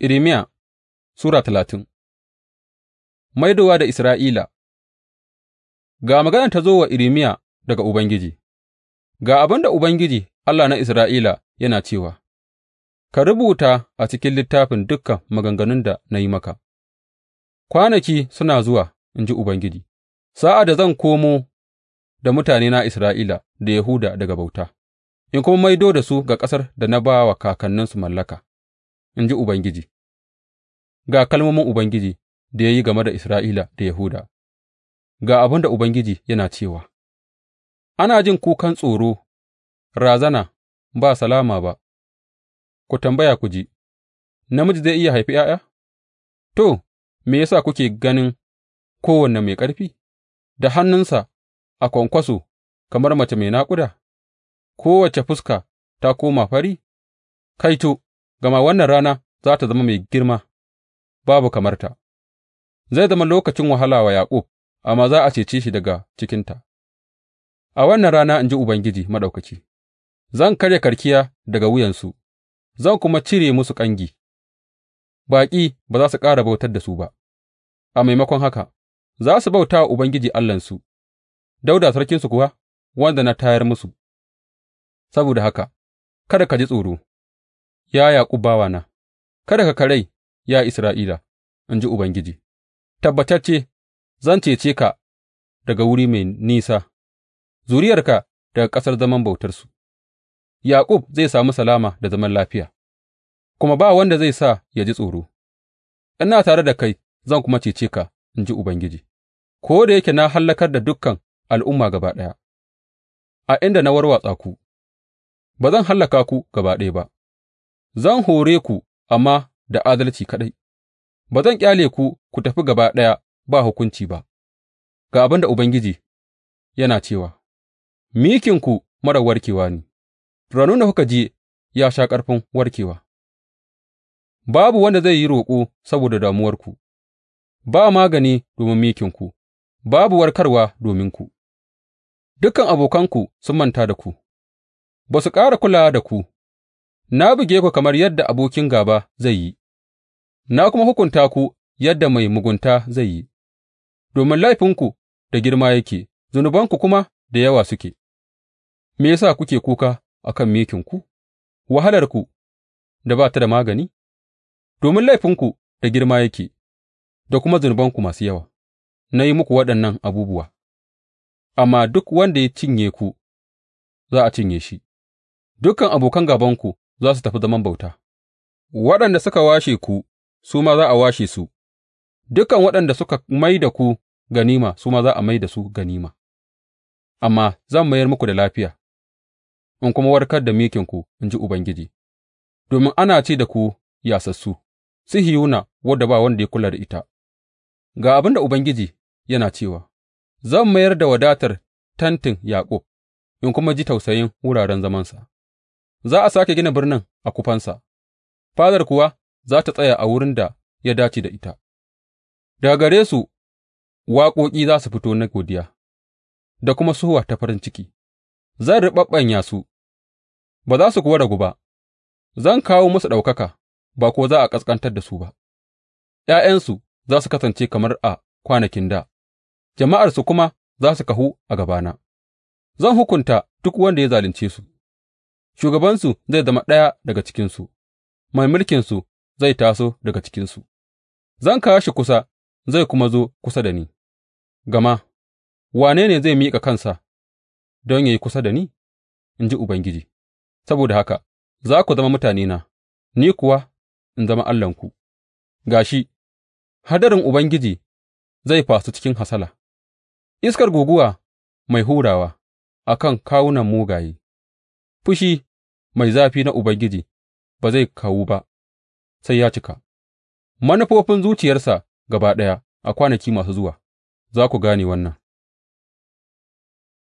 Irmiya Sura talatin Maidowa da Isra'ila Ga magana ta zo wa Irmiya daga Ubangiji, Ga abin da Ubangiji, Allah na Isra'ila, yana cewa, Ka rubuta a cikin littafin dukan maganganun da na yi maka, kwanaki suna zuwa, in ji Ubangiji, sa'ad da zan komo da mutane na Isra'ila da Yahuda daga bauta, in kuma maido da su ga ƙasar da na ba wa kakanninsu mallaka. in ji Ubangiji, ga kalmomin Ubangiji da ya yi game da Isra'ila da Yahuda, ga abin da Ubangiji yana cewa, Ana jin kukan tsoro, razana, ba salama ba, ku tambaya ku ji, namiji zai iya haifi ’ya'ya? To, me ya sa kuke ganin kowanne mai ƙarfi, da hannunsa a kwankwaso kamar mace mai naƙuda, kowace fuska ta koma fari, kaito, Gama wannan rana za tă zama mai girma, babu kamarta; zai zama lokacin wahala wa Yaƙub, amma za a cece shi daga cikinta a wannan rana, in ji Ubangiji Maɗaukaki, zan karya karkiya daga wuyansu zan kuma cire musu ƙangi; baƙi ba za su ƙara bautar da su ba, a maimakon haka za su bauta wa Ubangiji Allahnsu, Dawuda sarkinsu kuwa, wanda na tayar musu, saboda haka kada ka ji tsoro. Ya Yaƙub bawana, kada ka karai, ya Isra'ila, in ji Ubangiji, tabbatacce zan cece ka daga wuri mai nisa, zuriyarka daga ƙasar zaman bautarsu; Yaƙub zai sami salama da zaman lafiya, kuma ba wanda zai sa ya ji tsoro, ina tare da kai zan kuma cece ka, in ji Ubangiji, ko da yake na hallakar da dukkan al'umma gaba ɗaya a inda na warwatsa ku, ba zan hallaka ku gaba ɗaya ba. Zan hore ku, amma da adalci kaɗai; ba zan ƙyale ku ku tafi gaba ɗaya ba hukunci ba, ga abin da Ubangiji yana cewa, Mikinku marar warkewa ne, raunin da kuka ji ya sha ƙarfin warkewa; babu wanda zai yi roƙo saboda damuwarku, ba magani domin mikinku, babu warkarwa dominku; dukan abokanku sun manta da ku, ba su ƙara kulawa da ku. Na buge ku kamar yadda abokin gāba zai yi, na kuma hukunta ku yadda mai mugunta zai yi, domin laifinku da girma yake, zunubanku kuma da yawa suke, me ya sa kuke kuka a kan Wahalar wahalarku da ba ta da magani? Domin laifinku da girma yake, da kuma zunubanku masu yawa, na yi muku waɗannan abubuwa, amma duk wanda ya cinye ku za a cinye shi, dukan abokan gabanku za su tafi zaman bauta, waɗanda suka washe ku su ma za a washe su, dukan waɗanda suka mai da ku ganima su ma za a mai da su ganima, amma zan mayar muku da lafiya in kuma warkar da mikinku, in ji Ubangiji, domin ana ce da ku yasassu, Sihiyona wadda ba wanda ya kula da ita. Ga abin da Ubangiji yana cewa, Zan mayar da wadatar tentin Yaƙub in kuma ji tausayin wuraren zamansa. Za a sāke gina birnin a kufansa, fadar kuwa za ta tsaya a wurin da ya dace da ita; daga gare su waƙoƙi za su fito na godiya da kuma suwa ta farin ciki, zan riɓaɓɓanya su, ba za su kuwa ragu ba, zan kawo musu ɗaukaka, ba ko za a ƙasƙantar da su ba, ’ya'yansu za su kasance kamar a kwanakin da. jama'arsu kuma za su kahu a gabana; zan hukunta duk wanda ya zalunce su. Shugabansu zai zama ɗaya daga cikinsu, mai mulkinsu zai taso daga cikinsu; zan kawo shi kusa zai kuma zo kusa da ni, gama wane ne zai miƙa kansa don ya yi kusa da ni?’ in ji Ubangiji, saboda haka za ku zama mutanena, ni kuwa in zama Allahnku; ga shi, hadarin Ubangiji zai fasu cikin hasala, iskar guguwa mai hurawa a kan kawunan mugaye, fushi mai zafi na Ubangiji ba zai kawu ba sai ya cika, manufofin zuciyarsa gaba ɗaya a kwanaki masu zuwa za ku gane wannan.